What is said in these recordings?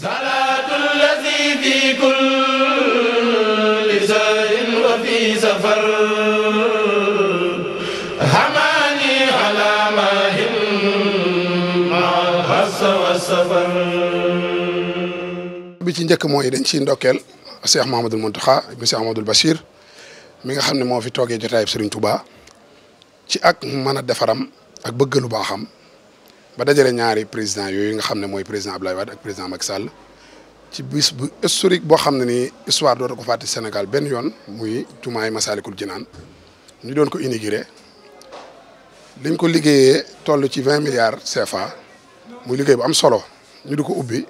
صلاة الذي في كل سهر وفي سفر حماني على ماهن مع الحس والسفر bi ci njëkk mooy dañ ciy ndokkeel Cheikh Mouhamadoul Mountakha bi Cheikh Mouhamadoul Bachir mi nga xam ne moo fi toogee jotaayub Serigne Touba ci ak mën a defaram ak bëgg lu baaxam ba dajale ñaari président yooyu nga xam ne mooy président Abdoulaye Wade ak président Macky Sall ci bis bu historique boo xam ne ni histoire dootu ko fàtte Sénégal benn yoon muy jumaay ji naan ñu doon ko inauguré liñ ko liggéeyee toll ci vingt milliards CFA muy liggéey bu am solo ñu di ko ubbi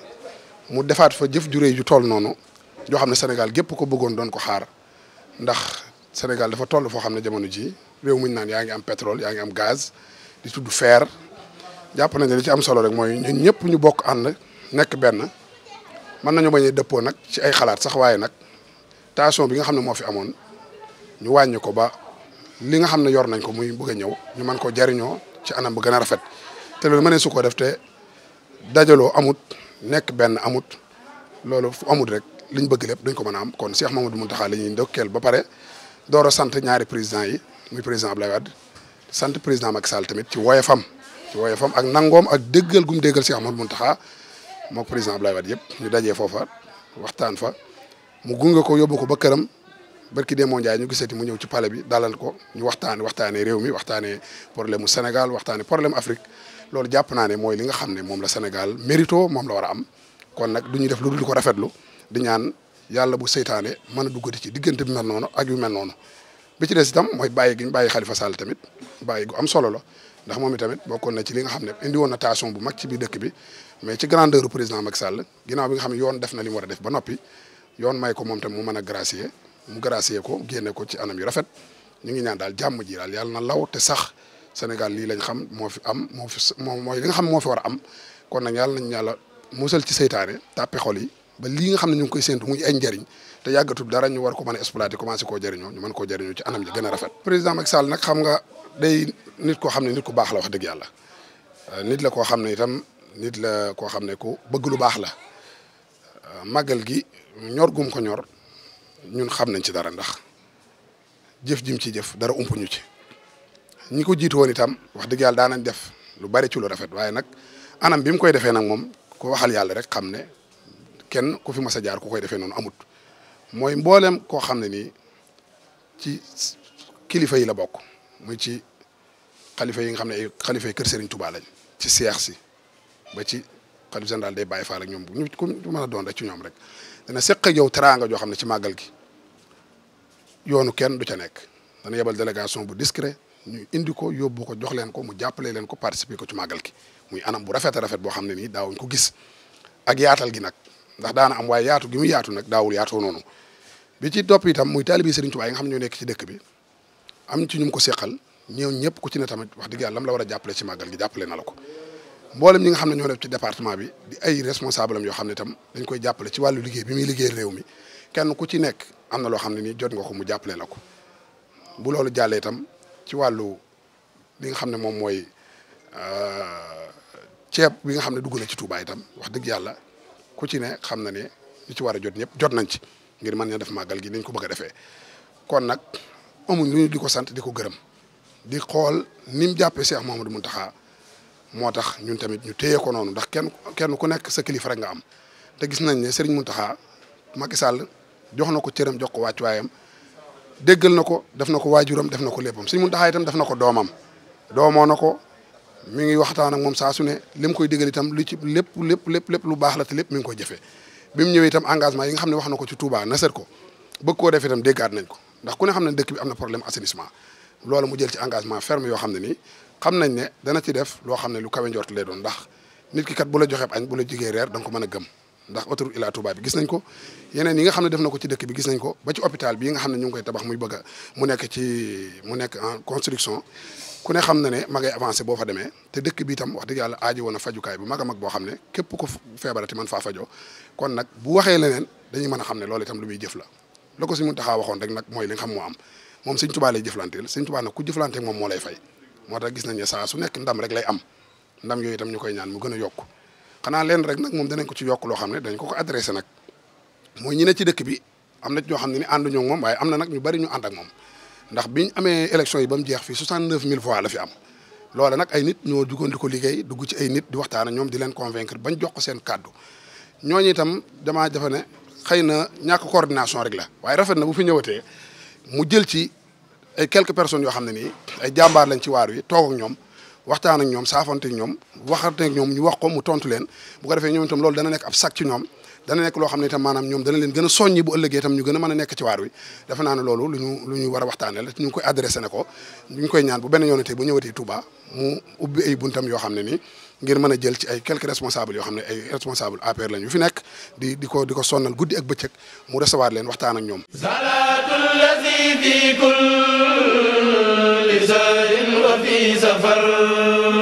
mu defaat fa jëf juré ju toll noonu yoo xam ne Sénégal gépp ko bëggoon doon ko xaar ndax Sénégal dafa toll foo xam ne jamono ji réew muñ naan yaa ngi am pétrole yaa ngi am gaz di tudd fer jàpp nañ ne li ci am solo rek mooy ñun ñëpp ñu bokk ànd nekk benn mën nañu bañ a dëppoo nag ci ay xalaat sax waaye nag tension bi nga xam ne moo fi amoon ñu wàññi ko ba li nga xam ne yor nañ ko muy bëgg a ñëw ñu mën ko jariñoo ci anam bu gën a rafet te loolu mënee su ko def te dajaloo amut nekk benn amut loolu fu amut rek liñ bëgg lépp duñ ko mën a am kon Cheikh Mamadou Mountakha la ñuy ndokkeel ba pare door sant ñaari président yi muy président Abdoulaye Wade sant Sall tamit ci woyefam ci woyofam ak nangoom ak déggal gum déggal si Amadou Mountakha moog président Abdoulaye Wade yëpp ñu dajee foofa waxtaan fa mu gunge ko yóbbu ko ba këram barki Demba Ndiaye ñu gisati mu ñëw ci pale bi dalal ko ñu waxtaan waxtaanee réew mi waxtaanee problème mu Sénégal waxtaanee problème Afrique loolu jàpp naa ne mooy li nga xam ne moom la Sénégal mérito moom la war a am kon nag du ñu def lu di ko rafetlu di ñaan yàlla bu seytaane mën a duggati ci diggante bi mel noonu ak yu mel noonu bi ci des itam mooy bàyyi gi ñu bàyyi Khalifa Sall tamit bàyyi gu am solo la. ndax moom itamit bokkoon na ci li nga xam ne indi woon na tension bu mag ci biir dëkk bi mais ci grandeur président Macky Sall ginnaaw bi nga yoon def na li ba noppi yoon may ko moom tam mu mën a gracier mu gracier ko génne ko ci anam yu rafet ñu ngi ñaan daal jàmm ji daal yàlla na law te sax Sénégal lii lañ xam moo fi am moo fi moom mooy li nga xam moo fi war a am kon nag yàlla nañ yàlla musal ci seytaane tàppe xol yi ba lii nga xam ne ñu ngi koy séntu muy ay njëriñ te yàggatul dara ko mën a exploiter commencé koo ñu mën koo jëriñoo ci a rafet président Macky Sall nag xam nga day nit koo xam ne nit ku baax la wax dëgg yàlla euh, nit la koo xam ne itam nit la koo xam ne ku bëgg lu baax la euh, màggal gi ñor gum ko ñor ñun xam nañ ci dara ndax jëf jim ci jëf dara ump ñu ci ñi ko jiitu woon itam wax dëgg yàlla daanañ def lu bari ci lu rafet waaye nag anam bi mu koy defee nag moom ko waxal yàlla rek xam ne kenn ku fi mas a jaar ku koy defee noonu amut mooy mboolem koo xam ne nii ci kilifa yi la bokk muy ci xalifa yi nga xam ne ay xalifa yi kër sëriñ Touba lañ ci seex si ba ci xalif général day bàyyi faa ak ñoom bu ñu ku mën a doon rek ci ñoom rek dana seq ak yow teraanga joo xam ne ci màggal gi yoonu kenn du ca nekk dana yebal délégation bu discret ñu indi ko yóbbu ko jox leen ko mu jàppale leen ko participer ko ci màggal ki muy anam bu rafet a rafet boo xam ne nii daawuñ ko gis ak yaatal gi nag ndax daana am waaye yaatu gi mu yaatu nag daawul yaatoo noonu bi ci topp itam muy taalibi Serigne Touba yi nga xam ne ci dëkk bi am ci ñu ko seqal ñëw ñëpp ku ci ne tamit wax dëgg yàlla lam la war a jàppale ci màggal gi jàppale na la ko mboolem ñi nga xam ne ñoo def ci département bi di ay responsable am yoo xam ne tam dañ koy jàppale ci wàllu liggéey bi muy liggéey réew mi kenn ku ci nekk am na loo xam ne nii jot nga ko mu jàppale la ko bu loolu jàllee tam ci wàllu li nga xam ne moom mooy euh, ceeb bi nga xam ne dugg na ci Touba itam wax dëgg yàlla ku ci ne xam na ne li ci war a jot ñëpp jot nañ ci ngir mën na def màggal gi nañ ko bëgg a defee kon nag amuñ lu ñu di ko sant di ko gërëm di xool ni mu jàppee Cheikh Mouhamadou Mountakha moo tax ñun tamit ñu téye ko noonu ndax kenn kenn ku nekk sa kilifa rek nga am te gis nañ ne Serigne Mountakha Macky Sall jox na ko cëram jox ko wàccuwaayam déggal na ko def na ko waajuram def na ko si Serigne Mountakha itam def na ko doomam doomoo na ko mi ngi waxtaan ak moom saa su ne li mu koy digal itam lu ci lépp lépp lépp lépp lu baax la te lépp mi ngi koy jafe bi mu ñëwee itam engagement yi nga xam ne wax na ko ci Touba nasar ko bëgg koo def itam déggaat nañ ko ndax ku ne xam ne dëkk bi am na problème assainissement loolu mu jël ci engagement ferme yoo xam ne nii xam nañ ne dana ci def loo xam ne lu kawe njort lay doon ndax nit ki kat bu la joxeeb añ bu la jigee reer da ko mën a gëm ndax autoroute Ila Touba gis nañ ko yeneen yi nga xam ne def na ko ci dëkk bi gis nañ ko ba ci hôpital bi nga xam ne ñu ngi koy tabax muy bëgg a mu nekk ci mu nekk en construction ku ne xam ne ne ma ngay avancé boo fa demee te dëkk bi itam wax dëgg yàlla aaji woon a fajukaay bu mag mag boo xam ne képp ko feebarati man faa fajoo kon nag bu waxee leneen dañuy mën a xam ne loolu itam lu muy jëf la la si Sëñ Muntaxa waxoon rek nag mooy li nga xam moo moom Sëñ Tuubaa lay jëflanteel Sëñ Tuubaa nag ku jëflanteeg moom moo lay fay moo tax gis nañ ne saa su nekk ndam rek lay am ndam yooyu itam ñu koy mu gën a yokk xanaa leen rek nag moom danañ ko ci yokk loo xam ne dañ ko ko adressé nag mooy ñi ne ci dëkk bi am na ñoo xam ne ni ànduñu moom waaye am na nag ñu bari ñu ànd ak moom ndax biñ amee élection yi ba mu jeex fii 69000 voix la fi am loola nag ay nit ñoo jugoon di ko liggéey dugg ci ay nit di waxtaan ak ñoom di leen convaincre bañ jox ko seen kàddu ñooñ itam damaa jafe ne xëy na ñàkk coordination rek la waaye rafet na bu fi ñëwatee mu jël ci ay quelques person yoo xam ne nii ay jàmbaar lañ ci waar wi toog ak ñoom waxtaan ak ñoom saafante ak ñoom waxante ak ñoom ñu wax ko mu tontu leen bu ko defee ñoom itam loolu dana nekk ab sac ci ñoom dana nekk loo xam ne itam maanaam ñoom dana leen gën a soññi bu ëllëgee tam ñu gën a mën a nekk ci waar wi defe naa ne loolu lu ñu lu ñu war a waxtaanee la ñu ngi koy adressé ne ko ñu ngi koy ñaan bu benn bu ñëwatee Touba mu ubbi ay buntam yoo xam ne nii ngir mën a jël ci ay quelques responsables yoo xam ne ay responsable APR lañu fi nekk di di ko di ko sonnal guddi ak bëccëg mu recevoir leen waxtaan ak ñoom salaatul lazi fi kulli sahrin wa fi safar